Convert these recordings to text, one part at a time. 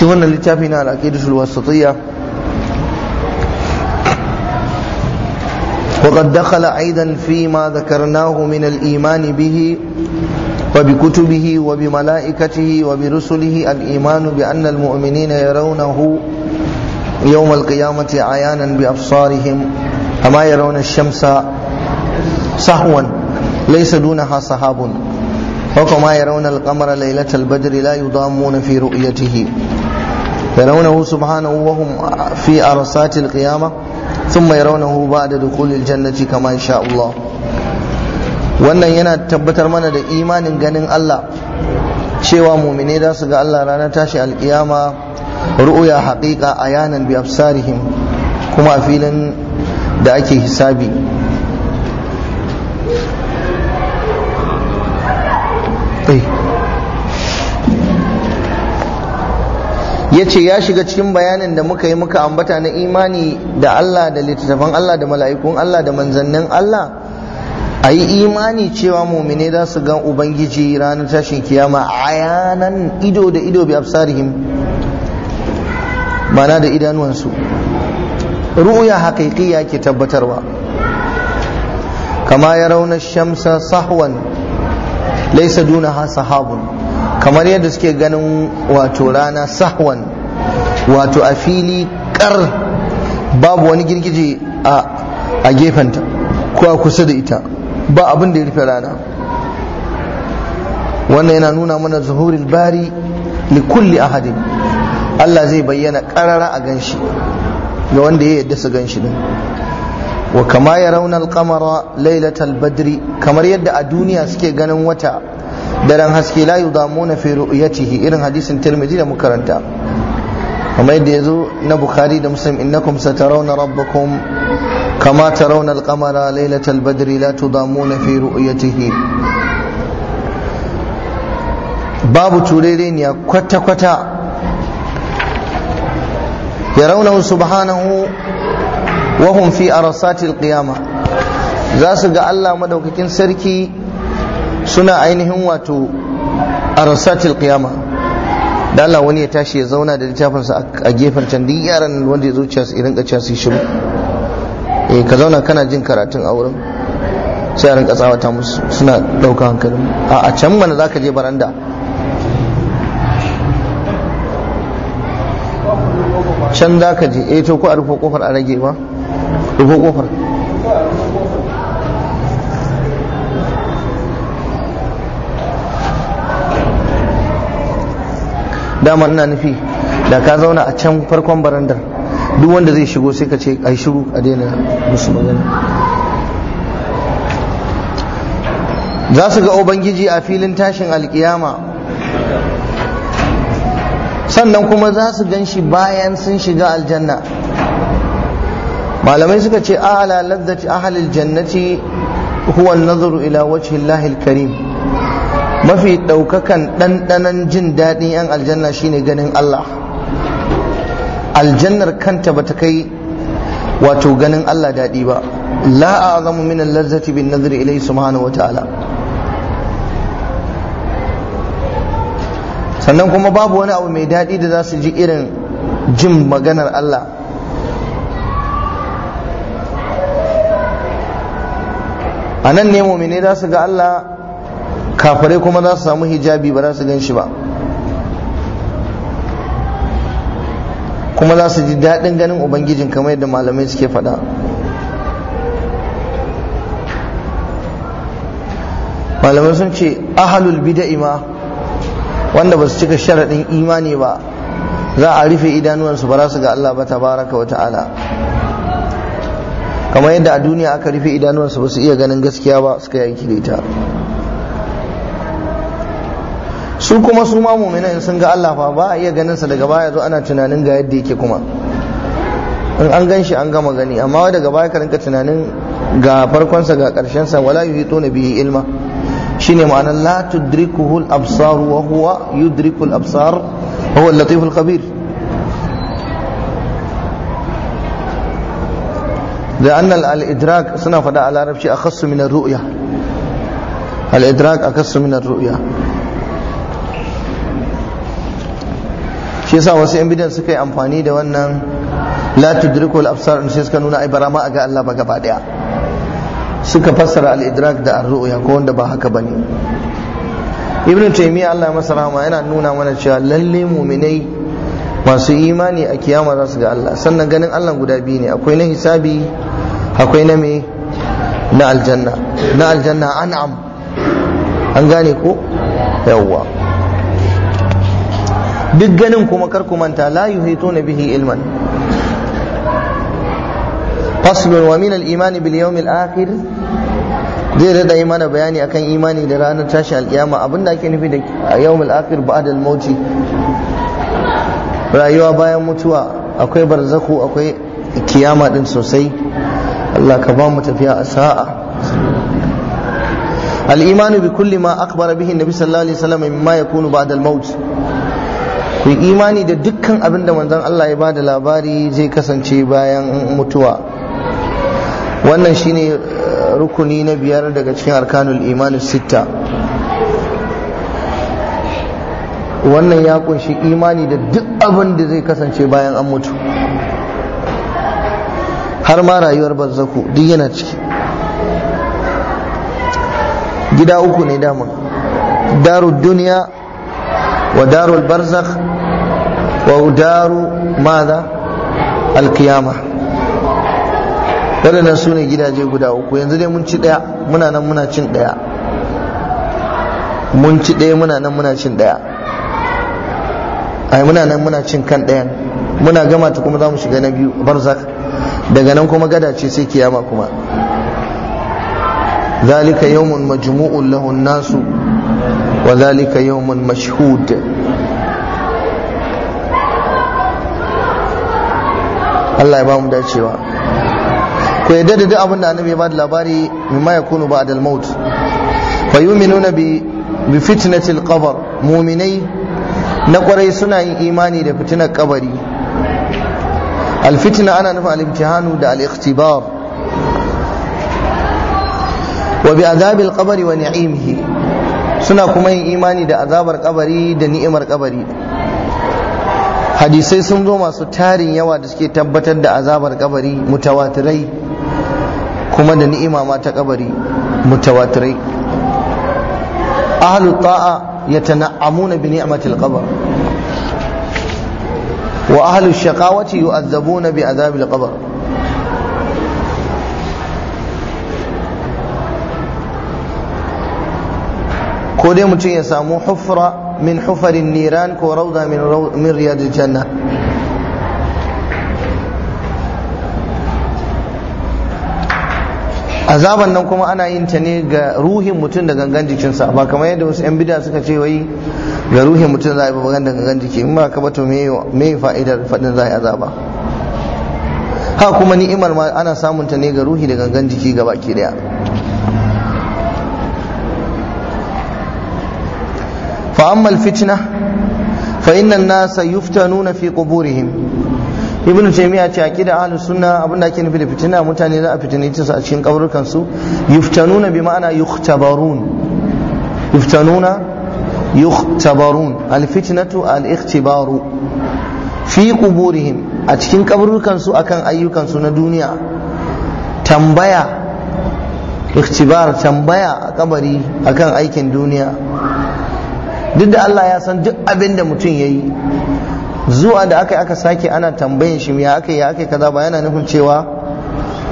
cikin wannan على na al'aqidatul وقد دخل أيضا فيما ذكرناه من الإيمان به وبكتبه وبملائكته وبرسله الإيمان بأن المؤمنين يرونه يوم القيامة عيانا بأبصارهم أما يرون الشمس صحوا ليس دونها سحاب وكما يرون القمر ليلة البدر لا يضامون في رؤيته يرونه سبحانه وهم في أرسات القيامة ثم يرونه بعد دخول الجنة كما شاء الله wannan yana tabbatar mana da imanin ganin Allah cewa mumine za su ga Allah ranar tashi alkiyama ru'uya haƙiƙa a yanan bi kuma a filin da ake hisabi ya ce ya shiga cikin bayanin da muka yi muka ambata na imani da Allah da littattafan Allah da mala'ikun Allah da manzannin Allah a yi imani cewa mumine za su gan ubangiji ranar tashin kiyama a yanan ido da ido bi absarihim na da idanuwansu ru'uya haƙiƙiya ke tabbatarwa kama ya rauna shamsa sahwan laisa dunaha sahabun kamar yadda suke ganin wato rana sahwan wato a fili kar babu wani girgije a gefenta ko a kusa da ita ba abin da ya rufe rana wannan yana nuna mana zuhuril bari li kulli ahadin Allah zai bayyana karara a ganshi ga wanda ya yarda su ganshi din wa kama ya raunar kamara lailatal badri kamar yadda a duniya suke ganin wata daren haske la yudamuna fi ru'yatihi irin hadisin tirmidhi da mukaranta amma yadda yazo na bukhari da muslim innakum satarawna rabbakum kama tarawna al-qamara laylatal badri la tudamuna fi ru'yatihi babu ne kwata-kwata ya subhanahu wa wahum fi arasatil qiyamah za su ga Allah madaukakin sarki suna ainihin wato a rasatil kiyama da Allah wani ya tashi ya zauna da littafinsa a gefen can duk yaran wanda ya cewa su irin kaciya su shiru eh ka zauna kana jin karatun a wurin sai a rinka tsawata musu suna ɗauka hankali a can mana za ka je baranda can za ka je eh to ko a rufe kofar a rage ba rufe kofar dama ina nufi da ka zauna a can farkon barandar duk wanda zai shigo sai ka ce a yi shiru a daina musu magana za su ga ubangiji a filin tashin alkiyama sannan kuma za su gan shi bayan sun shiga aljanna malamai suka ce ala ladzati ahlil jannati huwa an-nazaru ila wajhi Allahil karim mafi ɗaukakan ɗanɗanan jin daɗin 'yan aljanna shine ganin Allah aljannar kanta ba ta kai wato ganin Allah daɗi ba la a'zamu min al-lazzati bin su ilayhi subhanahu wata'ala sannan kuma babu wani abu mai daɗi da za su ji irin jin maganar Allah a nan ne za su ga Allah kafare kuma za su samu hijabi ba za su gan shi ba kuma za su ji daɗin ganin ubangijin kamar yadda malamai suke faɗa malamai sun ce ahalul bida'i ma wanda ba su cika sharaɗin imani ba za a rufe idanuwansu ba za su ga Allah ba tabaraka wa ta'ala kamar yadda a duniya aka rufe idanuwansu ba su iya ganin gaskiya ba suka yanki da ita su kuma su ma mu'mina in sun ga Allah fa ba a iya ganin sa daga baya zo ana tunanin ga yadda yake kuma in an gan shi an gama gani amma daga baya ka rinka tunanin ga farkon sa ga karshen sa wala yuhitu bihi ilma shine ma'anar la tudrikuhu al-absar wa huwa yudriku al-absar wa huwa al-latif al-khabir da anna al-idrak suna fada a larabci akhassu min ar-ru'ya al-idrak akhassu min ar-ru'ya shi yasa wasu yan bidan suka yi amfani da wannan la tudrikul absar sai suka nuna ai barama a ga Allah ba gaba daya suka fassara al-idrak da ar-ru'ya ko wanda ba haka bane ibnu taymiya Allah masa rahama yana nuna mana cewa lalle mu'minai masu imani a kiyama za su ga Allah sannan ganin Allah guda biyu ne akwai na hisabi akwai na me na aljanna na aljanna an'am an gane ko yawwa duk ganin kuma kar ku manta la na bihi ilman faslun wa min al-iman bil yawm al-akhir zai rada yi mana bayani akan imani da ranar tashi alkiyama abinda ake nufi da yawm al-akhir ba'd al-mauti rayuwa bayan mutuwa akwai barzaku akwai kiyama din sosai Allah ka ba mu tafiya a sa'a al-iman bi kulli ma akhbara bihi nabi sallallahu alaihi wasallam mimma yakunu ba'd al-maut ku yi imani da dukkan abin da manzon Allah ya bada labari zai kasance bayan mutuwa wannan shine uh, rukuni na biyar daga cikin arkanul imani sitta wannan ya kunshi imani da duk abin da zai kasance bayan an mutu har ma rayuwar barzaku duk yana ciki gida uku ne damar darud duniya ودار البرزخ ودار ماذا القيامة waɗannan su ne gidaje guda uku yanzu dai mun ci daya muna nan muna cin daya, mun ci ɗaya muna nan muna cin ai muna nan muna cin kan dayan, muna gama ta kuma za mu shiga na biyu barzak daga nan kuma gada ce sai kiyama kuma zalika yawmun majmu'un lahun nasu وذلك يوم مشهود Allah ya ba mu dacewa ku yadda da duk abin da annabi ya ba da labari mimma yakunu ba'da al-maut fa yu'minuna bi bi fitnatil qabr mu'minai na kwarai suna yin imani da fitinar kabari al-fitna ana nufin al-imtihanu da al-ikhtibar wa bi adhabil qabri wa ni'imihi suna kuma yin imani da azabar kabari da ni'imar kabari hadisai sun zo masu tarin yawa da suke tabbatar da azabar kabari mutawatirai kuma da ni'ima ma ta kabari mutawatirai ahlul ta'a ya bini bi ni'matil qabr wa ahlu shaqawati yu'azzabuna bi azabil qabr ko dai mutum ya samu hufra min hufarin niran ko rauda min riyadil janna azaban nan kuma ana yin ta ne ga ruhin mutum da gangan jikinsa ba kamar yadda wasu 'yan bida suka ce wai ga ruhin mutum za a yi babagan da gangan jiki in ba ka bato me fa'idar faɗin za a yi azaba ha kuma ni'imar ma ana samun ta ne ga ruhi da gangan jiki ga baki daya wa fitna alfitna fa inna nasa yuftanuna fi quburihim ibn Jami'a ce akida ahlu sunna abinda ake nufi da fitina mutane za a fitine su a cikin kaburukan su yuftanuna bi ma'ana yukhtabarun yuftanuna yukhtabarun alfitnatu al-ikhtibaru fi quburihim a cikin kaburukan su akan ayyukan su na duniya tambaya ikhtibar tambaya a kabari akan aikin duniya duk da Allah ya san duk abin da mutum ya yi zuwa da aka aka sake ana tambayin shi ya aka yi aka kaza ba yana nufin cewa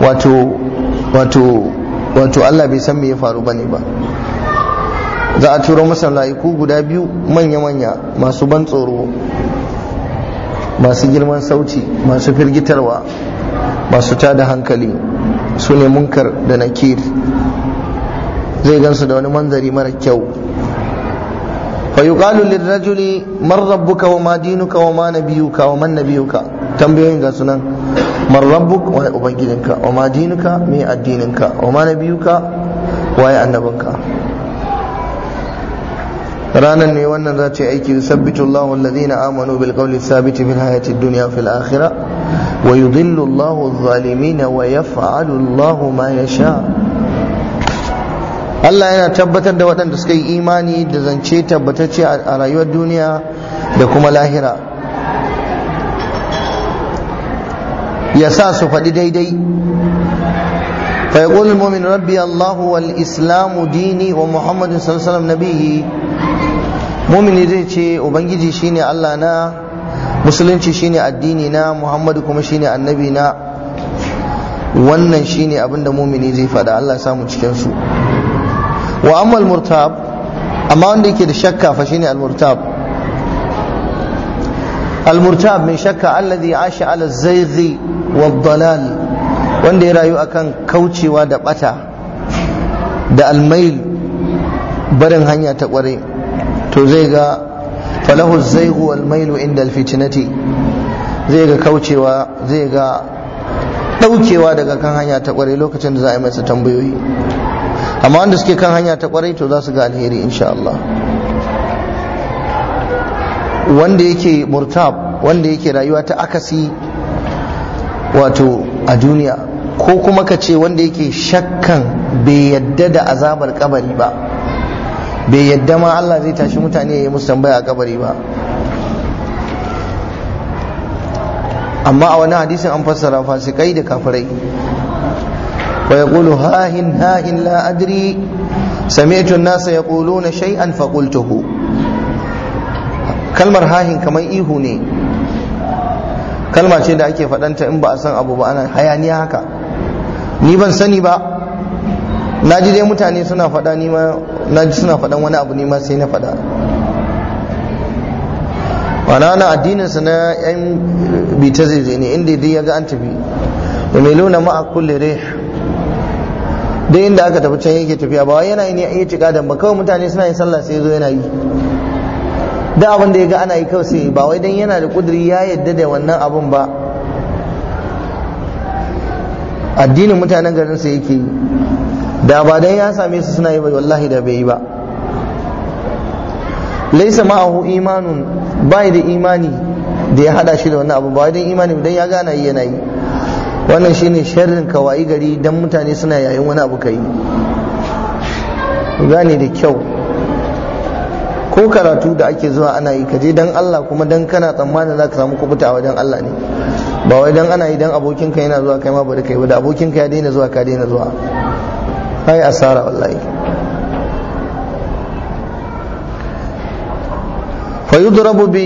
wato Allah bai san me ya faru bane ba za a turo masa la'iku guda biyu manya-manya masu ban tsoro masu girman sauti masu firgitarwa masu tada hankali su ne munkar da nakir zai gansu da wani manzari mara kyau فيقال للرجل من ربك وما دينك وما نبيك ومن نبيك تنبيهين ga sunan man rabbuk wa ubangijinka wa ma dinuka addininka wa ma ne wannan za ta yi aiki yusabbitu Allahu alladhina amanu bil qawli thabiti fil hayati dunya fil akhirah wa yudhillu Allahu adh-dhalimin wa yaf'alu Allahu ma yasha' Allah yana tabbatar da waɗanda suka yi imani da zance tabbatacce a rayuwar duniya da kuma lahira ya sa su faɗi daidai fa ya mumin rabbi Allahu wal islamu dini wa Muhammadin sallallahu nabihi mumini zai ce ubangiji shine Allah na musulunci shine addini na Muhammadu kuma shine annabi na wannan shine abinda mumini zai faɗa Allah samu cikin su wa amma al murtab amma wanda yake da shakka fa shine al murtab al murtab mai shakka alladhi asha ala zayghi wa dalal wanda ya rayu akan kaucewa da bata da al-mail barin hanya ta kware to zai ga falahu zaigu wal mailu inda al-fitnati zai ga kaucewa zai ga daukewa daga kan hanya ta kware lokacin da za a yi masa tambayoyi amma wanda suke kan hanya ta kwarai to za su ga alheri insha Allah wanda yake murtab wanda yake rayuwa ta akasi wato a duniya ko kuma ka ce wanda yake shakkan bai yadda da azabar kabari ba bai yadda ma Allah zai tashi mutane ya yi musu tambaya a kabari ba amma a wani hadisin an fassara fasikai da kafirai ويقول هاهن هاهن لا أدري سمعت الناس يقولون شيئا فقلته kalmar hahin kamar ihu ne kalma ce da ake faɗanta in ba a san abu ba ana hayaniya haka ni ban sani ba na ji dai mutane suna faɗa ni ma na suna faɗan wani abu ni ma sai na faɗa ma'ana na addininsa na yan ta zai zai ne inda dai ya ga an tafi wa mai launa ma'a kulle rih duk inda aka tafi can yake tafiya ba yana yin ya ci kadan ba kawai mutane suna yin sallah sai zo yana yi duk abin da ya ga ana yi kawai sai ba wai dan yana da kudiri ya yadda da wannan abun ba addinin mutanen garin sa yake yi da ba dan ya same su suna yi ba wallahi da bai yi ba laisa ma'ahu imanun bai da imani da ya hada shi da wannan abu ba wai dan imani dan ya gana yi yana yi wannan shine sharrin kawai gari dan mutane suna yayin wani abu kai gane da kyau ko karatu da ake zuwa ana yi kaje dan Allah kuma dan kana tsammanin zaka samu kubuta a wajen Allah ne ba wai dan ana yi dan abokinka yana zuwa kai ma bari kai ba da abokinka ya daina zuwa ka daina zuwa ai asara wallahi bi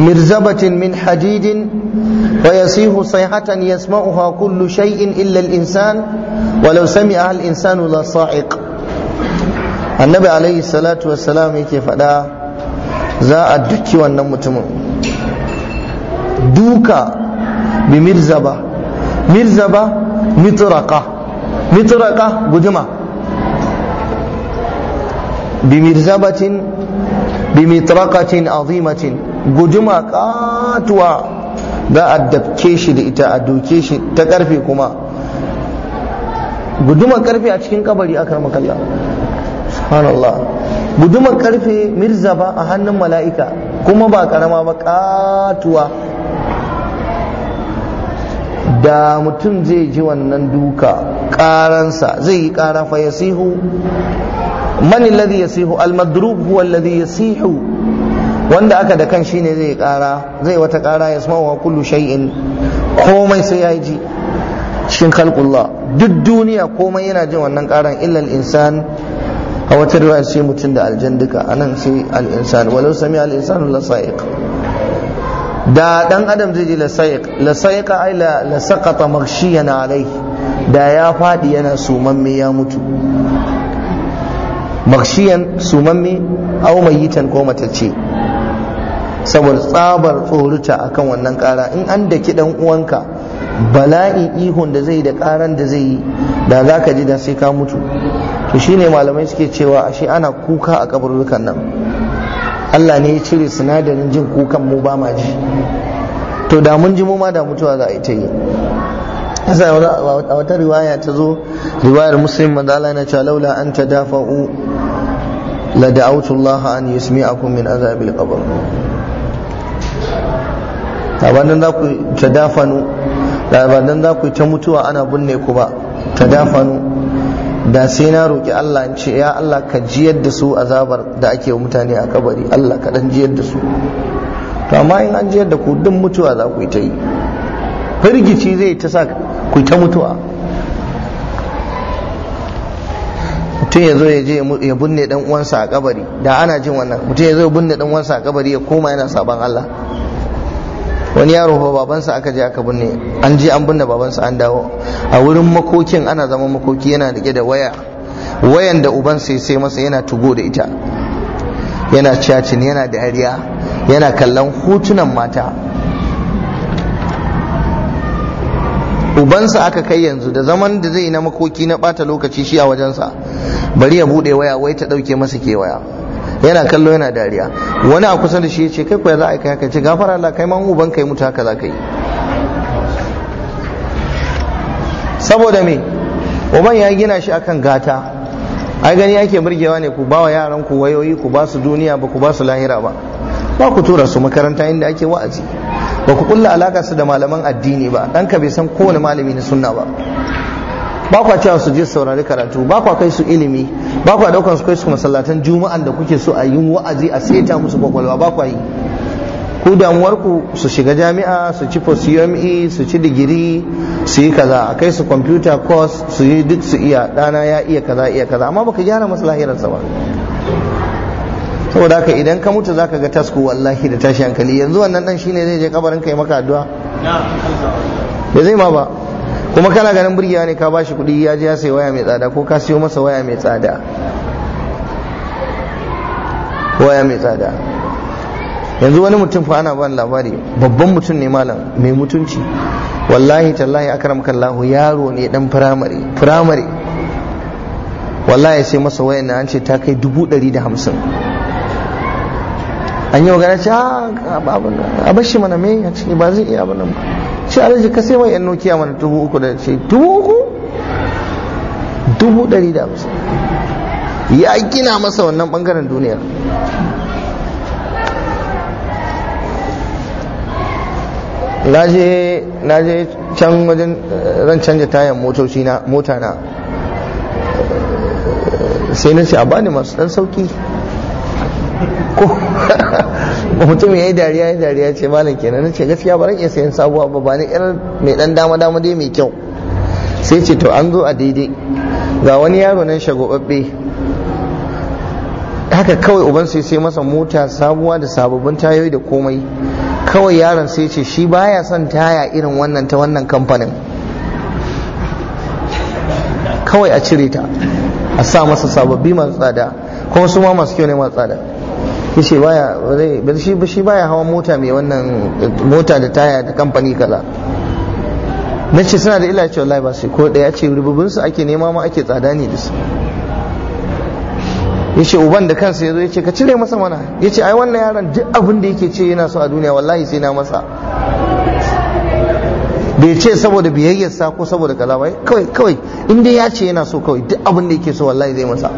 mirzabatin min hadidin. ويصيح صيحة يسمعها كل شيء إلا الإنسان ولو سمعها الإنسان لصاعق النبي عليه الصلاة والسلام يتفدا za a duki wannan mutumin duka bi mirzaba mirzaba mitraka mitraka guduma bi mirzabatin bi azimatin guduma katuwa za a dabke shi da ita a doke shi ta karfe kuma guduman karfe a cikin kabari a rama kalla subhanallah guduman karfe mirza ba a hannun mala'ika kuma ba karama ba katuwa da mutum zai ji wannan duka karansa zai yi kara fa yasihu man alladhi yasihu al madrub huwa alladhi yasihu wanda aka da kan shine zai kara zai wata kara ya sama wa kullu shay'in komai sai ya ji cikin khalqullah duk duniya komai yana jin wannan karan illal insan a wata riwaya sai mutum da aljan duka anan sai al insan walau sami al insanu la sa'iq da dan adam zai ji la sa'iq la sa'iqa ay la la saqata maghshiyan alayhi da ya fadi yana sumamme ya mutu maghshiyan sumamme aw mayitan ko matacce saboda tsabar tsorita akan wannan ƙara in an daki dan uwanka bala'in ihun da zai da ƙaran da zai yi da za ka ji da sai ka mutu to shine malamai suke cewa ashe ana kuka a kabarurrukan nan Allah ne ya cire sinadarin jin kukan mu ba ma ji to da mun ji mu ma da mutuwa za a yi ta yi a wata riwaya ta zo riwayar muslim manzo Allah yana cewa laula an tadafa'u la da'awtu Allah an yusmi'akum min azabil qabr labanan za ku ta dafanu labanan za ku ta mutuwa ana binne ku ba ta dafanu da sai na roƙi Allah in ce ya Allah ka jiyar da su azabar da ake wa mutane a kabari Allah ka dan jiyar da su to amma in an jiyar da ku duk mutuwa za ku ta yi firgici zai ta sa ku ta mutuwa mutum ya zo ya je ya binne dan uwansa a kabari da ana jin wannan mutum ya zo ya binne dan uwansa a kabari ya koma yana saban Allah wani yaro ba babansa aka je aka binne an je an binne babansa an dawo a wurin makokin ana zama makoki yana rike da waya wayan da uban sai sai masa yana tugo da ita yana cacin yana da hariya yana kallon hotunan mata ubansa aka kai yanzu da zaman da zai na makoki na bata lokaci shi a wajensa bari ya bude waya wai ta dauke masa kewaya yana kallo yana dariya wani a kusa da shi ya ce kai kuwa za a kai haka ce gafara Allah kai man uban kai mutu haka za ka yi saboda me uban ya gina shi akan gata ai gani ake burgewa ne ku bawa yaran ku wayoyi ku ba su duniya ba ku ba su lahira ba ba ku tura su makaranta inda ake wa'azi ba ku kulla alaka su da malaman addini ba ɗanka bai san kowane malami na sunna ba ba kwa cewa su je saurari karatu ba kwa kai su ilimi ba kwa daukan su kai su masallatan juma'an da kuke so a yi wa'azi a seta musu kwakwalwa ba kwa yi ku damuwarku su shiga jami'a su ci post-UME su ci digiri su yi kaza a kai su computer course su yi duk su iya dana ya iya kaza iya kaza amma baka gyara masa sa ba saboda haka idan ka mutu zaka ga tasku wallahi da tashi hankali yanzu wannan dan shine zai je kabarin kai maka addu'a zai ma ba kuma kana ganin burgewa ne ka bashi kuɗi ya je ya sayi waya mai tsada ko ka siyo masa waya mai tsada waya mai tsada yanzu wani mutum fa ana ban labari babban mutum ne malam mai mutunci wallahi tallahi akram kallahu yaro ne dan firamare firamare wallahi sai masa wayan na an ce ta kai dubu ɗari da hamsin an yi magana ce a abin a bashi mana me a ce ba zai iya abin nan ba ce alaji ka sai mai yan nokiya mana dubu uku da ce dubu uku dubu ɗari da hamsin ya gina masa wannan bangaren duniyar na je can wajen ran eh, canja tayan motoci na mota na eh, sai na ce a bani masu dan sauki mutum ya yi dariya ya dariya ce malam kenan ce gaskiya ba iya sayan sabuwa ba ba ni irin mai dan dama dama dai mai kyau sai ce to an zo a daidai ga wani yaro nan shagobabbe haka kawai uban sai sai masa mota sabuwa da sababbin tayoyi da komai kawai yaron sai ce shi baya son taya irin wannan ta wannan kamfanin kawai a cire ta a sa masa sababbi masu tsada kuma su ma masu kyau ne masu tsada yace baya ba shi ba shi baya hawa mota mai wannan mota da taya da kamfani kaza na ce suna da illa ce wallahi ba sai ko ya ce rububin su ake nema ma ake tsada ne da su ce uban da kansa ya zo ya ce ka cire masa mana ya ce ai wannan yaron duk abin da yake ce yana so a duniya wallahi sai na masa bai ce saboda biyayyarsa ko saboda kaza ba kawai kawai in dai ya ce yana so kawai duk abin da yake so wallahi zai masa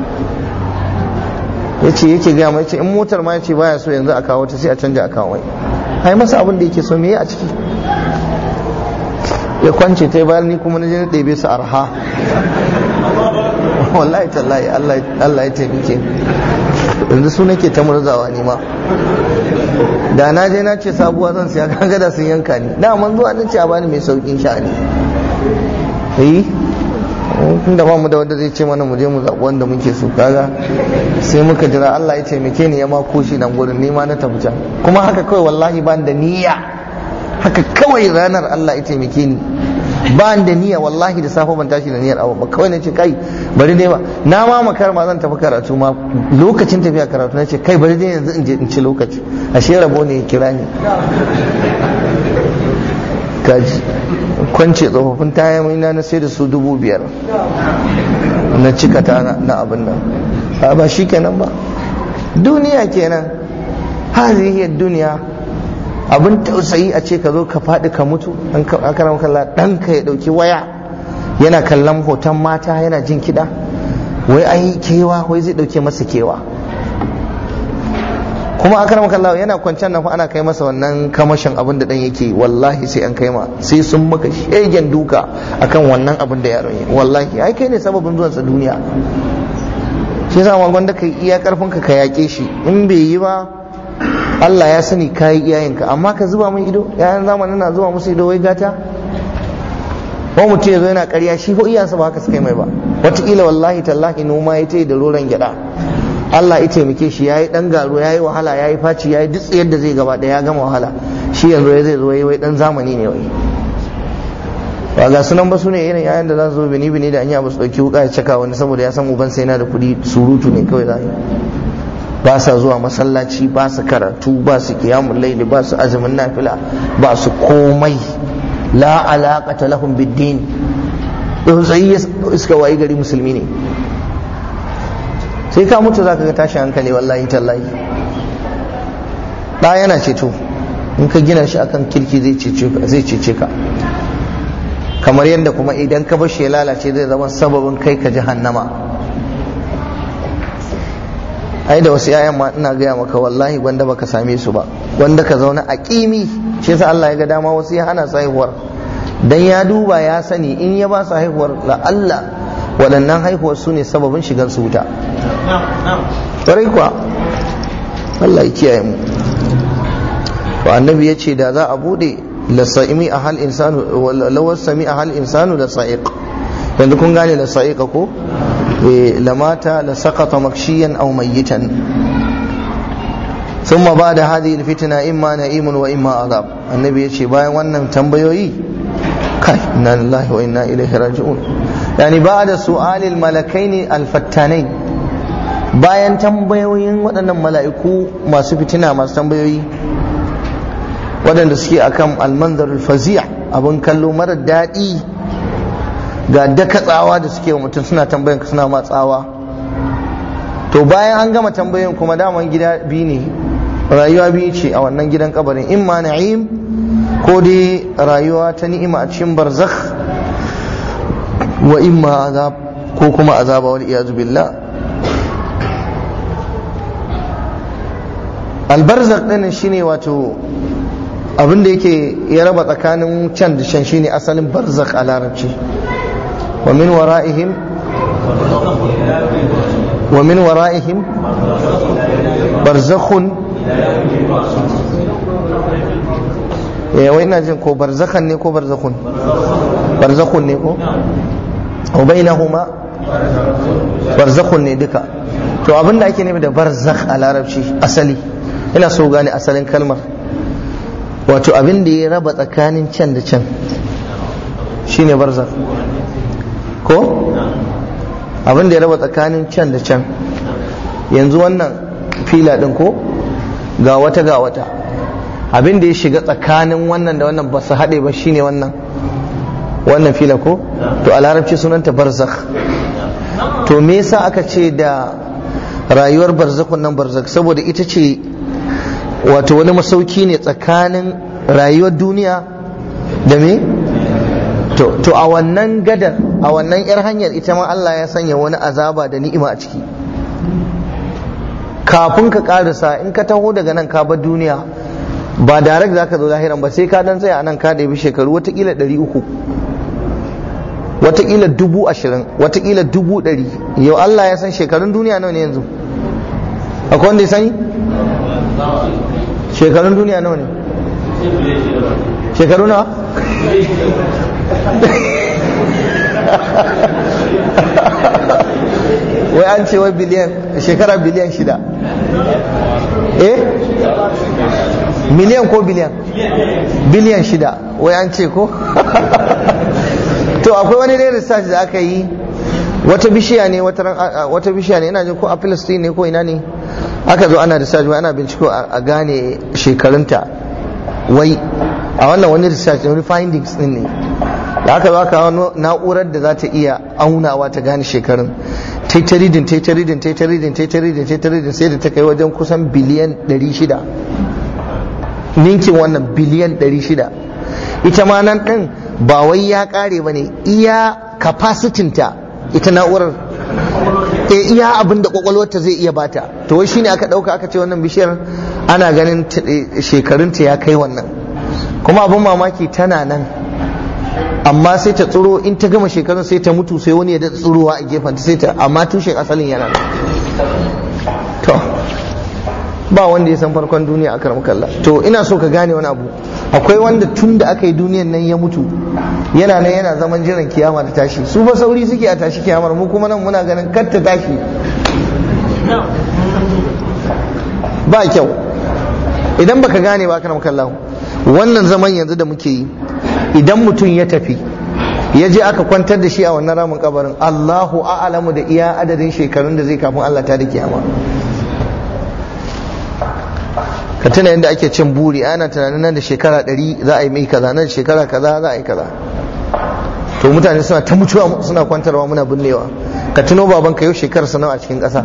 yace yake gaya mai ce in motar ma ya ce baya so yanzu a kawo ta sai a canja a kawo mai ai masa abin da yake so me a ciki ya kwance ta bayan ni kuma na je na ɗebe su arha wallahi tallahi Allah ya taimake yanzu su nake ta murzawa ne ma da na je na ce sabuwa zan siya kan gada sun yanka ni da man zuwa na ce a bani mai saukin sha'ani eh inda da mu da wanda zai ce mana mu je mu zaɓi wanda muke so kaga sai muka jira Allah ya taimake ni ya ma koshi nan gurin ni ma na tafi can kuma haka kawai wallahi ba da niyya haka kawai ranar Allah ya taimake ni ba da niyya wallahi da safo ban tashi da niyyar abu ba kawai nace kai bari dai ba na ma makar ma zan tafi karatu ma lokacin tafiya karatu nace kai bari dai yanzu in je in ci lokaci ashe rabo ne ya kira ni kaji kwance tsofaffin mai na na sai da su dubu biyar na cika ta na abin nan ba shi kenan ba duniya kenan yi duniya abin tausayi a ce ka zo ka faɗi ka mutu an ka kalla ɗanka ya ɗauki waya yana kallon hoton mata yana jin kiɗa wai an kewa wai zai ɗauke masa kewa kuma akram kallahu yana kwancan nan ana kai masa wannan kamashin abin da dan yake wallahi sai an kai ma sai sun maka shegen duka akan wannan abin da yaron yake wallahi ai kai ne sababin zuwansa duniya shi yasa ma gwanda kai iya karfin ka ka yake shi in bai yi ba Allah ya sani kai ka amma ka zuba mai ido yayan zamanin na zuba musu ido wai gata ba mutum ya zo yana karya shi ko iyansa ba haka suka yi mai ba wataƙila wallahi tallahi noma ya ta yi da roron gyaɗa Allah ya taimake shi yayi dan garo yayi wahala yayi faci yayi duk tsayar da zai gaba ya gama wahala shi yanzu zai zo wai dan zamani ne wai ba ga sunan ba sune irin yayan da za zo bini bini da anya ba su dauki wuka ya caka wani saboda ya san uban sai yana da kuɗi surutu ne kawai za ba sa zuwa masallaci ba su karatu ba su kiyamul laili ba su azumin nafila ba su komai la alaqata lahum bid-din yau sai iska wai gari musulmi ne sai ka mutu za ka ga tashi hankali wallahi tallahi ɗa yana ceto in ka gina shi akan kirki zai cece ka kamar yadda kuma idan ka bashi ya lalace zai zama sababin kai ka ji jahannama ai da wasu yayan ma ina gaya maka wallahi wanda baka same su ba wanda ka zauna a kimi shi yasa Allah ya ga dama wasu ya hana su haihuwar dan ya duba ya sani in ya ba su haihuwar la Allah waɗannan haihuwar su ne sababin shigar su wuta ƙwarai kuwa Allah ya kiyaye mu To annabi ya ce da za a bude lasa'imi a hal insanu lawar sami a hal insanu da sa'iq yanzu kun gane da sa'iq ko eh, lamata la saqata makshiyan aw mayyitan thumma ba'da hadhihi alfitna imma na'imun wa imma azab annabi ya ce bayan wannan tambayoyi kai inna lillahi wa inna ilaihi raji'un yani ba'da bayan tambayoyin waɗannan mala'iku masu fitina masu tambayoyi waɗanda suke akan almanzarul fazi'a abin kallo mara daɗi ga tsawa da suke wa mutum suna tambayan ka suna matsawa to bayan an gama tambayoyin kuma daman gida biyu ne rayuwa biyu ce a wannan gidan kabarin in ma na'im ko dai rayuwa ta ni'ima a cikin barzakh wa in ma azab ko kuma azaba wal iyazu billah albarzak ɗin shine wato abin da yake ya raba tsakanin can da shan shine asalin barzak a larabci wa min wara'ihim wa min barzakhun eh wai ina jin ko barzakhan ne ko barzakhun barzakhun ne ko wa bainahuma barzakhun ne duka to abin da ake nufi da barzakh a larabci asali ina so gane asalin kalmar wato abin da ya raba tsakanin can da can shine barzak ko abin da ya raba tsakanin can da can yanzu wannan fila din ko ga wata ga wata abin da ya shiga tsakanin wannan da wannan ba su haɗe ba shine wannan wannan fila ko to a larabci sunanta barzak to me yasa aka ce da rayuwar barzakun nan barzak saboda ita ce wato wani masauki ne tsakanin rayuwar duniya da me to a wannan gadar a wannan yar hanyar ita ma Allah ya sanya wani azaba da ni'ima a ciki kafin ka karisa in ka taho daga nan ka bar duniya ba direct zaka zo lahiran ba sai ka dan tsaya anan ka ɗebi shekaru watakila ɗari uku watakila dubu ashirin watakila dubu ɗari yau Allah ya san shekarun duniya nawa ne yanzu akwai wanda ya sani shekarun duniya nawa ne shekaru nawa wai an ce wai biliyan shekara biliyan shida eh miliyan ko biliyan biliyan shida wai an ce ko to akwai wani ne research da aka yi wata bishiya ne wata bishiya ne ina jin ko a Palestine ne ko ina ne aka zo ana research ana binciko a gane shekarunta wai a wannan wani research wani findings din ne da aka baka na'urar da za ta iya aunawa ta gane shekarun ta reading ta ta reading ta ta reading ta ta reading ta reading sai da ta kai wajen kusan biliyan 600 ninkin wannan biliyan 600 ita ma nan din ba wai ya kare ba ne iya capacity ta ita na'urar ta iya abin da ta zai iya bata to wai shine aka dauka aka ce wannan bishiyar ana ganin shekarun ta ya kai wannan kuma abin mamaki tana nan amma sai ta tsuro in ta gama shekarun sai ta mutu sai wani ya da tsurowa a gefen sai ta amma tushen asalin yana nan to ba wanda ya san farkon duniya a kalla to ina so ka gane wani abu akwai wanda tun da aka yi duniyan nan ya mutu yana nan yana zaman jiran kiyama ta tashi su fa sauri suke a tashi kiyamar mu kuma nan muna ganin kar ta tashi ba kyau idan baka gane ba kana kallahu wannan zaman yanzu da muke yi idan mutum ya tafi ya je aka kwantar da shi a wannan ramin kabarin Allahu a'lamu da iya adadin shekarun da zai kafin Allah ta da kiyama ka tuna yadda ake cin buri ana tunanin nan da shekara ɗari za a yi mai kaza nan shekara kaza za a yi kaza to mutane suna ta mutuwa suna kwantarwa muna binnewa ka tuno baban ka yau shekarar sa a cikin ƙasa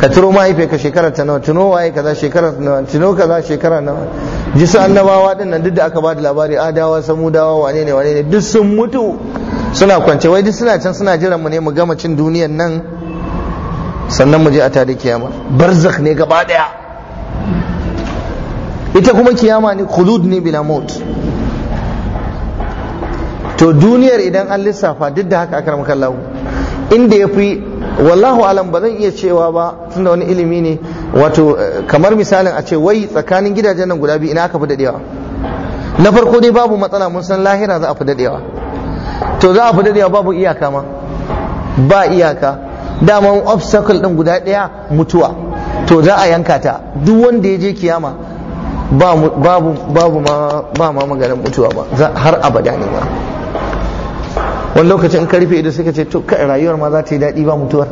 ka tuno mahaife ka shekarar ta nawa tuno waye kaza shekarar nawa tuno kaza shekarar nawa ji su annabawa din nan duk da aka ba da labari adawa dawa wane ne wane ne duk sun mutu suna kwance wai duk suna can suna jiran mu ne mu gama cin duniyan nan sannan mu je a tare kiyama barzakh ne gaba daya ita kuma kiyama ne khulud ne bila mot to duniyar idan an lissafa duk da haka aka kan kallahu inda ya fi wallahu alam ba zan iya cewa ba tunda wani ilimi ne wato kamar misalin a ce wai tsakanin gidajen nan guda biyu ina aka fi dadewa na farko dai babu matsala mun san lahira za a fi dadewa to za a fi dadewa babu iyaka ma ba iyaka dama obstacle din guda daya mutuwa to za a yanka ta duk wanda ya je kiyama babu ma ba ma maganin mutuwa ba har abada ne ba wani lokacin in ka rufe ido suka ce to kai rayuwar ma za ta yi daɗi ba mutuwar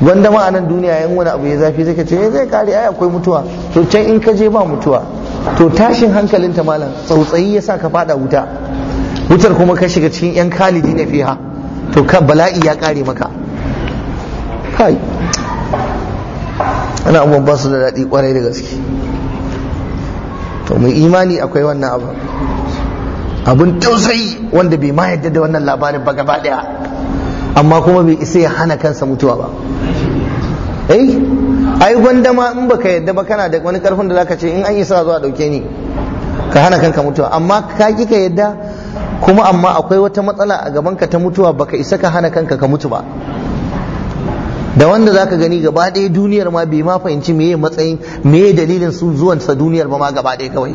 gwanda ma anan nan duniya yan wani abu ya zafi suka ce eh, zai kare ai akwai mutuwa to can in ka je ba mutuwa to tashin hankalin ta malam tsautsayi ya sa ka fada wuta wutar kuma ka shiga cikin yan kalidi na fiha to ka bala'i ya kare maka kai ana abubuwan ba su da daɗi kwarai da gaske to mai imani akwai wannan abu abun tausayi wanda bai ma yadda da wannan labarin ba gaba daya amma kuma bai isa ya hana kansa mutuwa ba ai eh? ai gwanda ma in baka yadda ba kana da wani karfin da zaka ce in an isa zuwa dauke ni ka hana kanka mutuwa amma ka ki ka yadda kuma amma akwai wata matsala a gaban ka ta mutuwa baka isa ka hana kanka ka mutu ba da wanda zaka gani gaba ɗaya duniyar ma bai ma fahimci meye matsayin meye dalilin sun zuwan sa duniyar ba ma gaba ɗaya kawai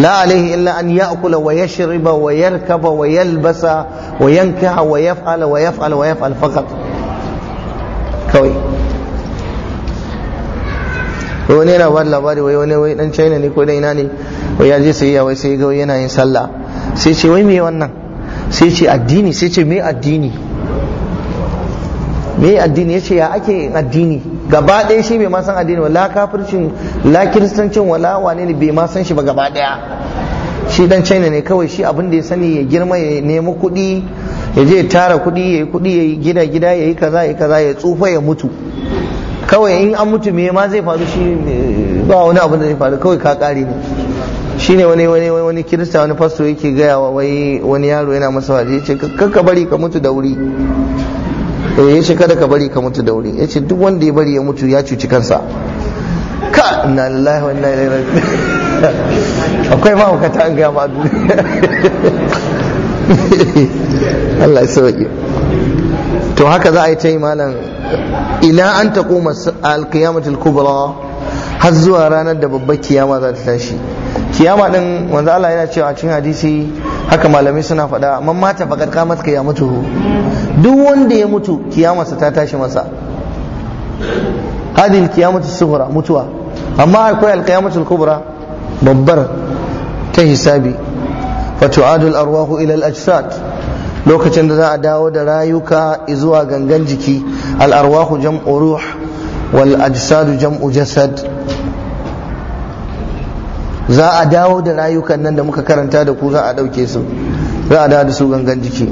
la alaihi illa an ya'kula wa yashriba wa yarkaba wa yalbasa wa yankaha wa yaf'ala wa yaf'ala wa yaf'al faqat kawai wani yana ba labari wai wani wai dan china ne ko dan ina ne wai ya je sai ya wai sai ga yana yin sallah sai ce wai me wannan sai ce addini sai ce me addini me addini ce ya ake yin addini gaba ɗaya shi bai ma san addini la kafircin la kiristancin wala wane ne bai ma san shi ba gaba ɗaya shi dan china ne kawai shi abin da ya sani ya girma ya nemi kuɗi ya je tara kuɗi ya yi kuɗi ya yi gida gida ya yi kaza ya kaza ya tsufa ya mutu kawai in an mutu me ma zai faru shi ba wani abin da zai faru kawai ka kare ne ne wani wani wani kirista wani fasto yake gaya wa wani yaro yana masa waje yace ka bari ka mutu da wuri eh ce kada ka bari ka mutu da wuri Ya ce duk wanda ya bari ya mutu ya cuci kansa ka na lillahi wa inna ilaihi raji'un akwai ma hukata an ga ma Allah ya sauke to haka za a yi ta yi malam ila an ta koma alkiyamatul kubra har zuwa ranar da babbar kiyama za ta tashi kiyama din wanzu Allah yana cewa a cikin hadisi haka malamai suna faɗa man mata faqad ya mutu duk wanda ya mutu kiyamarsa ta tashi masa hadin alqiyamatu sughra mutuwa amma akwai alqiyamatu kubra babbar ta hisabi fa tu'adu arwahu ila al-ajsad lokacin da za a dawo da rayuka zuwa gangan jiki al-arwahu jam'u ruh wal ajsadu jam'u jasad za a dawo da rayukan nan da muka karanta da ku za a ɗauke su za a dawo da su gangan jiki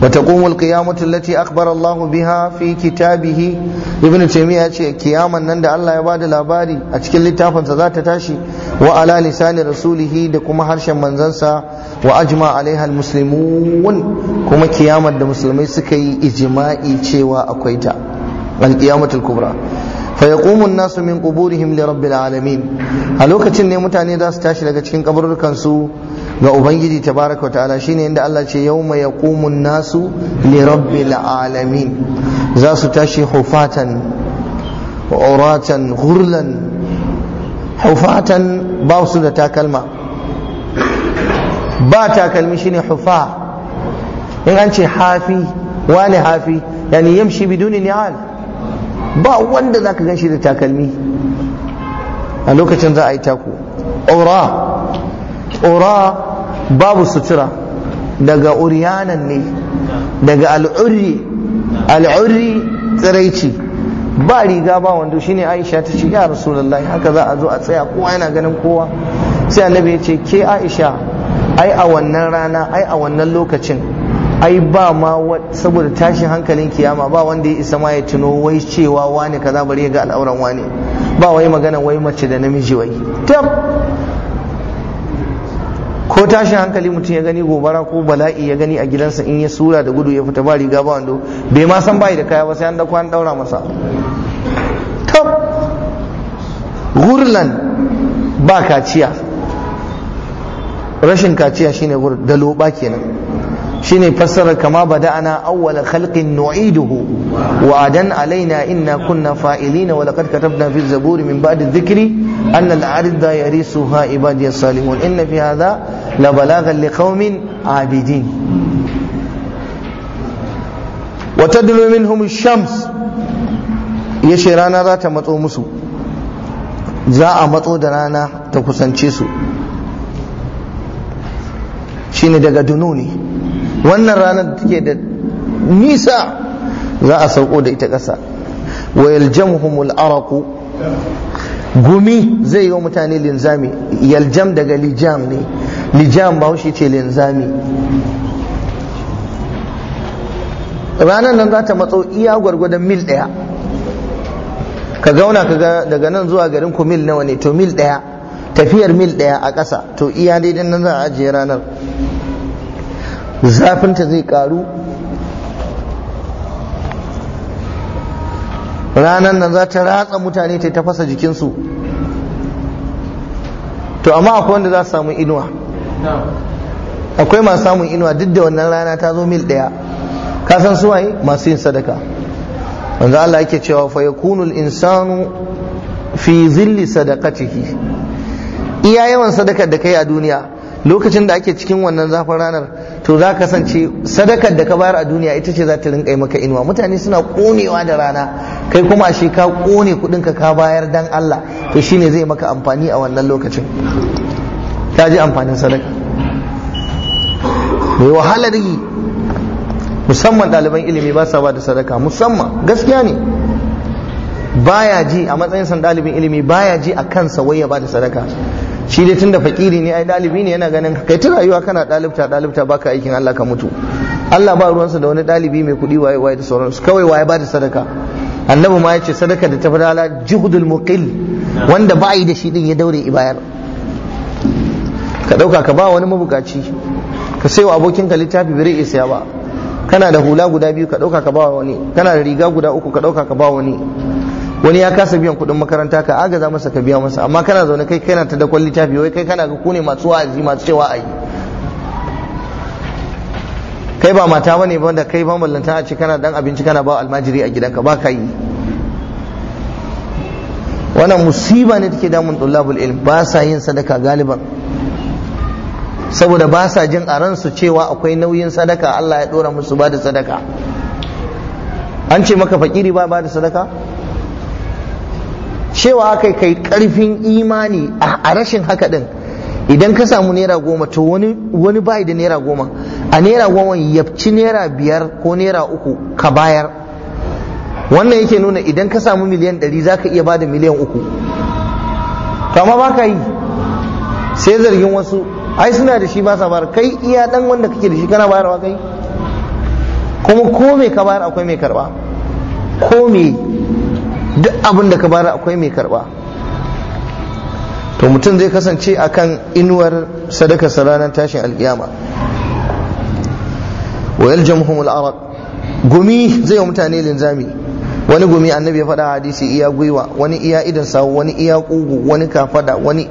wata ƙumul kiyamatu lati akbar Allahu biha fi kitabihi ibnu taymiya ce kiyaman nan da Allah ya bada labari a cikin sa za ta tashi wa ala rasulihi da kuma harshen manzansa wa ajma alaiha almuslimun kuma kiyamar da musulmai suka yi ijma'i cewa akwai ta al kubra fa yaqumu an-nasu min quburihim li rabbil alamin a lokacin ne mutane za su tashi daga cikin kaburukan su ga ubangiji tabaraka wa ta'ala shine inda Allah ce yawma yaqumu an-nasu li rabbil alamin za su tashi hufatan wa uratan ghurlan hufatan ba su da takalma ba takalmi shine hufa in an ce hafi wani hafi yani yamshi biduni ni'al ba wanda za ka ganshi da takalmi a lokacin za a yi taku ora ora babu sutura daga uriyanan ne daga al'urri al'urri tsiraici ba riga ba wando Shi ne aisha ta ce ya rasulullahi haka za a zo a tsaya kowa yana ganin kowa sai annabi ya ce ke aisha ai a wannan rana ai a wannan lokacin ai ba ma saboda tashin hankalin kiyama ba wanda ya isa ma ya tuno wai cewa wani kaza bari ga al'auran wani ba wai magana wai mace da namiji wai tab ko tashin hankalin mutum ya gani gobara ko bala'i ya gani a gidansa in ya sura da gudu ya fita ba riga ba wando bai ma san bai da kaya ba sai an dauko an daura masa tab gurlan ba kaciya rashin kaciya shine gur da loba kenan shine fassara kama bada'ana awwala khalqin nu'iduhu wa adan alaina inna kunna fa'ilina wa laqad katabna fi zaburi min ba'di dhikri anna al-arda yarisuha ibadiy salimun inna fi hadha la liqaumin abidin wa tadlu minhum ash-shams yace rana za ta matso musu za a matso da rana ta kusance su shine daga dununi wannan ranar da take da nisa za a sauko da ita ƙasa wa jamhumul araku gumi zai yi wa mutane linzami yaljam daga lijam ne lijam ba ce linzami ranar nan za ta matso iya gwargwadon mil ɗaya ka gauna ka daga nan zuwa garin ku mil nawa ne to mil ɗaya tafiyar mil ɗaya a ƙasa to iya daidai nan za a ajiye ranar zafinta zai karu ranar nan za ta ratsa mutane ta ta fasa jikinsu to amma akwai wanda za su samu inuwa akwai masu samun inuwa duk da wannan rana ta zo mil ɗaya ka san waye masu yin sadaka wanzu Allah yake cewa fa yakunul insanu fi zilli sadaqatihi iya yawan sadakar da kai a duniya lokacin da ake cikin wannan zafin ranar to za ka kasance sadakar da ka bayar a duniya ita ce za ta rinka maka inuwa mutane suna konewa da rana kai kuma shi ka kone kudin ka ka bayar dan Allah to shine zai maka amfani a wannan lokacin ka ji amfanin sadaka mai wahalar yi musamman ɗaliban ilimi ba sa ba da sadaka musamman gaskiya ne baya ji a matsayin san ɗalibin ilimi baya ji a kansa wai ya ba da sadaka shi dai tunda fakiri ne ai dalibi ne yana ganin kai ta rayuwa kana dalibta dalibta baka aikin Allah ka mutu Allah ba ruwansa da wani dalibi mai kuɗi waye waye da sauransu kawai waye ba da sadaka annabi ma ya ce sadaka da tafi dala juhdul muqil wanda ba yi da shi din ya daure ibayar ka dauka ka ba wani mabukaci ka sai wa abokinka littafi bai ya siya ba kana da hula guda biyu ka dauka ka ba wani kana da riga guda uku ka dauka ka ba wani wani ya kasa biyan kuɗin makaranta ka agaza masa ka biya masa amma kana zaune kai kana ta da kwalli wai kai kana ga ku ne masu wa'azi masu cewa a yi kai ba mata bane ba da kai ba mallanta a ce kana dan abinci kana ba almajiri a gidanka ba ka yi wannan musiba ne take damun dullabul ilm ba sa yin sadaka galiban saboda ba sa jin a ransu cewa akwai nauyin sadaka Allah ya dora musu ba da sadaka an ce maka fakiri ba ba da sadaka cewa haka kai karfin imani a rashin haka din idan ka samu naira goma to wani bai da naira goma a naira goma yabci naira biyar ko naira uku ka bayar wannan yake nuna idan ka samu miliyan ɗari za ka iya bada miliyan uku kama ba ka yi sai zargin wasu ai suna da shi ba sa bayar kai iya ɗan wanda kake da shi kana bayarwa kai kuma ko me ka bayar akwai mai karba ko me duk abin da ka bara akwai mai karba to mutum zai kasance akan inuwar sadaka ranar tashin alkiyama wa yaljamhum al gumi zai wa mutane linzami wani gumi annabi ya faɗa hadisi iya gwiwa wani iya idan sawu wani iya kugu wani kafada wani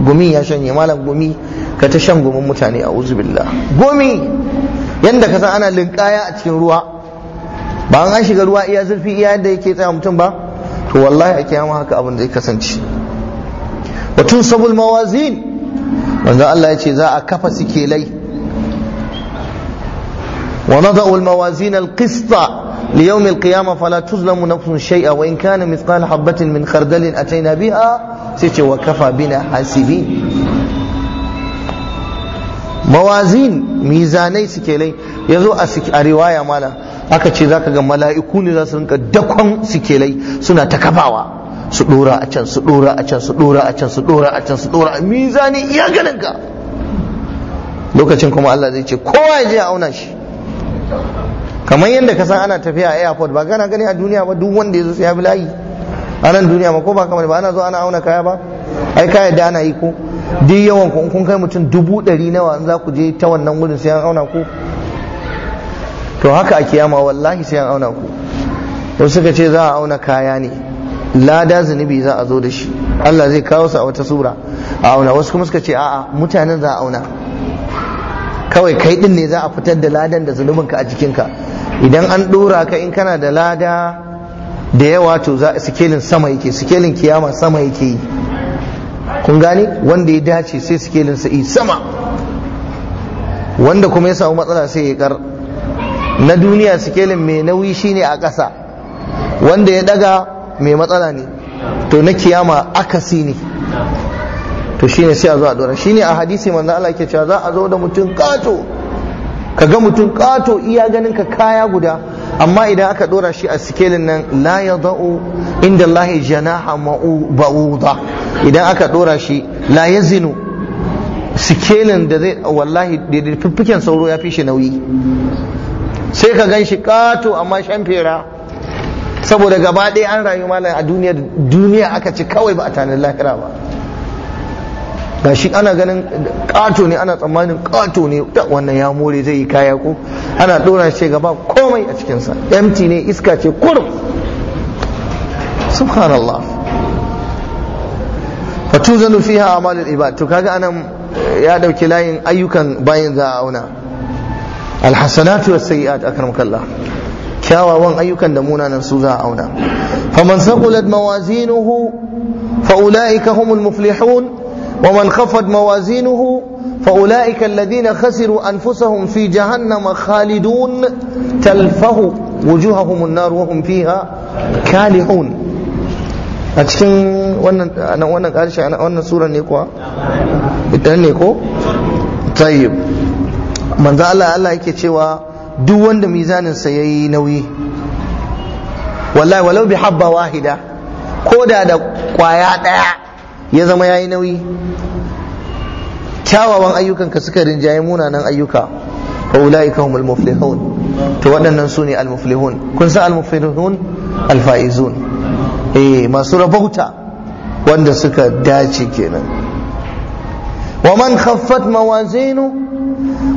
gumi ya shanye malam gumi ka ta shan gumin mutane a uzubillah gumi yanda ka san ana linkaya a cikin ruwa ba an shiga ruwa iya zurfi iya yadda yake tsaya mutum ba to wallahi a kiyama haka abin zai kasance watun sabul mawazin wanda Allah ya ce za a kafa sikelai wa nada'u al mawazin al qista li yawm al qiyamah fala tuzlamu nafsun shay'a wa in kana mithqal habatin min khardalin atayna biha sai ce wa kafa bina hasibin mawazin mizanai sikelai zo a riwaya malam. aka ce za ka ga mala'iku ne za su rinka dakon sikelai suna ta kafawa su dora a can su dora a can su dora a can su dora a can su dora a mizani iya ganin ka lokacin kuma Allah zai ce kowa ya je a auna shi kamar yadda ka san ana tafiya a airport ba gana gani a duniya ba duk wanda ya zo sai ya bi layi a nan duniya ma ko ba kamar ba ana zo ana auna kaya ba ai kaya da ana yi ko duk yawan ku kun kai mutum dubu ɗari nawa in za ku je ta wannan wurin sai an auna ko? to haka a kiyama wallahi sai an auna ku wasu suka ce za a auna kaya ne lada zunubi za a zo da shi Allah zai kawo su a wata sura a auna wasu kuma suka ce a'a mutanen za a auna kawai kai din ne za a fitar da ladan da zunubin ka a jikinka idan an dora ka in kana da lada da yawa to za sikelin sama yake sikelin kiyama sama yake yi kun gane wanda ya dace sai sikelin sa sama wanda kuma ya samu matsala sai ya kar na duniya sikelin mai nauyi shine a ƙasa wanda ya daga mai matsala ne to na kiyama akasi ne to shine sai a zo a dora shine a hadisi manzo Allah yake cewa za a zo da mutum kato kaga mutum kato iya ganin ka kaya guda amma idan aka dora shi a sikelin nan la yadau inda Allah janaha ba'uda idan aka dora shi la yazinu sikelin da zai wallahi da fiffiken sauro ya fi shi nauyi sai ka gan shi kato amma shan fera saboda gaba ɗaya an rayu malam a duniya duniya aka ci kawai ba a tanar lahira ba ga shi ana ganin kato ne ana tsammanin kato ne wannan ya more zai yi kaya ko ana ɗora shi gaba komai a cikinsa empty ne iska ce kurum subhanallah fatuzanu fiha amalul ibad to kaga anan ya ɗauki layin ayyukan bayan za a auna alhasanatu was-sayyi'at akramaka Allah kyawawan ayyukan da munanan su za a auna faman saqulat mawazinuhu fa ulaika humul muflihun wa man khaffat mawazinuhu fa ulaika alladhina khasiru anfusahum fi jahannam khalidun talfahu wujuhahum an-nar wa hum fiha kalihun a cikin wannan wannan karshe wannan sura ne kuwa ita ne ko tayyib manzo Allah Allah yake cewa duk wanda mizanin sa yayi nauyi wallahi walau bi habba wahida ko da da kwaya daya ya zama yayi nauyi kyawawan ayyukan ka suka rinjaye munanan ayyuka fa ulaika humul muflihun to waɗannan su ne almuflihun kun san almuflihun alfaizun eh masu rabauta wanda suka dace kenan wa man khaffat mawazinu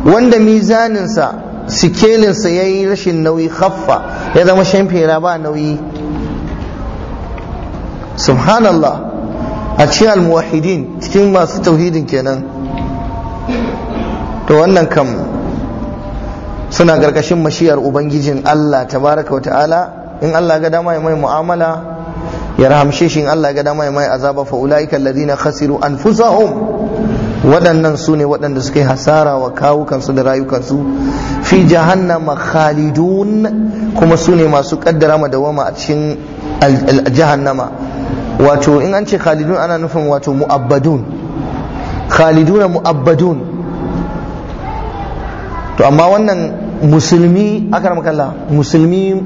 wanda mizaninsa sikelinsa ya yi rashin nauyi haffa ya zama shamfera ba nauyi subhanallah a cikin almuwahidin cikin masu tauhidin kenan to wannan kam suna ƙarƙashin mashiyar ubangijin Allah tabaraka ta'ala in Allah ga dama mai mu'amala ya rahamshe shi in Allah ga dama mai azaba fa ulaika alladhina khasiru anfusahum waɗannan su ne waɗanda suka yi hasara wa kawukansu da rayukansu fi jahannama khalidun kuma su ne masu kaddara madawama a cikin jahannama wato in an ce khalidun ana nufin wato mu'abbadun khaliduna mu'abbadun to amma wannan musulmi akar makalla musulmi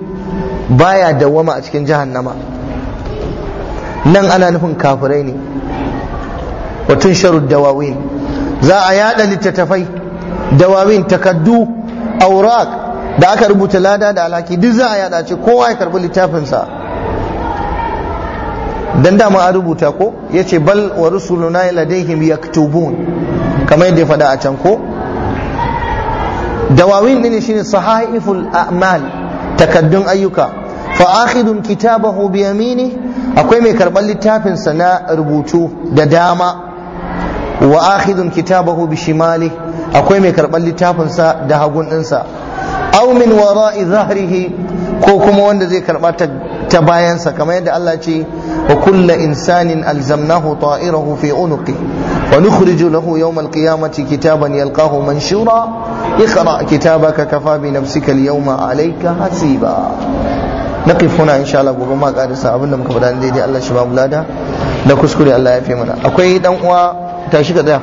baya dawama a cikin jahannama nan ana nufin kafirai ne wa sharu dawawin za a yada littattafai dawawin takaddu aurak da aka rubuta lada da alhaki duk za a yada ce kowa ya karbi littafinsa dan dama a rubuta ko yace bal wa rusuluna ladaihim yaktubun kamar yadda ya faɗa a can ko dawawin ne shine sahaiful a'mal takaddun ayyuka fa akhidun kitabahu bi yamini akwai mai karban littafin sa na rubutu da dama wa akhidun kitabahu bi shimali akwai mai karban littafin sa da hagun dinsa aw min wara'i zahrihi ko kuma wanda zai karba ta, ta bayansa kamar yadda Allah ce wa kullu insanin alzamnahu ta'irahu fi unuqi wa nukhriju lahu yawm alqiyamati kitaban yalqahu manshura ka كتابك كفى بنفسك اليوم عليك حسيبا نقف هنا ان شاء الله gobe ma karisa abinda muka faɗa daidai Allah shi ba mu da kuskure Allah ya fi mana akwai dan uwa tashi ka daya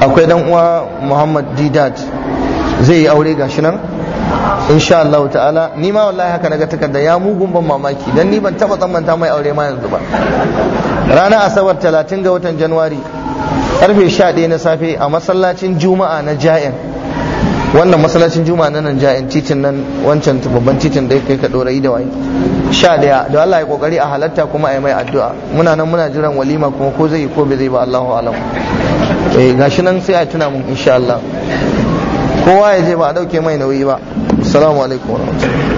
akwai dan uwa Muhammad Didat zai yi aure gashi nan insha Allah ta'ala ni ma wallahi haka naga takarda ya mugun ban mamaki dan ni ban taba tsammanta mai aure ma yanzu ba ranar asabar 30 ga watan Januwari karfe 11 na safe a masallacin Juma'a na Ja'in wannan masallacin juma na nan ja'in titin nan wancan babban titin da ya kai ka dorayi da waye sha daya da Allah ya kokari a halatta kuma a yi mai addu'a muna nan muna jiran walima kuma ko zai yi ko bai zai ba Allahu alam eh gashi nan sai a tuna mun insha Allah kowa ya je ba a dauke mai nauyi ba assalamu alaikum warahmatullahi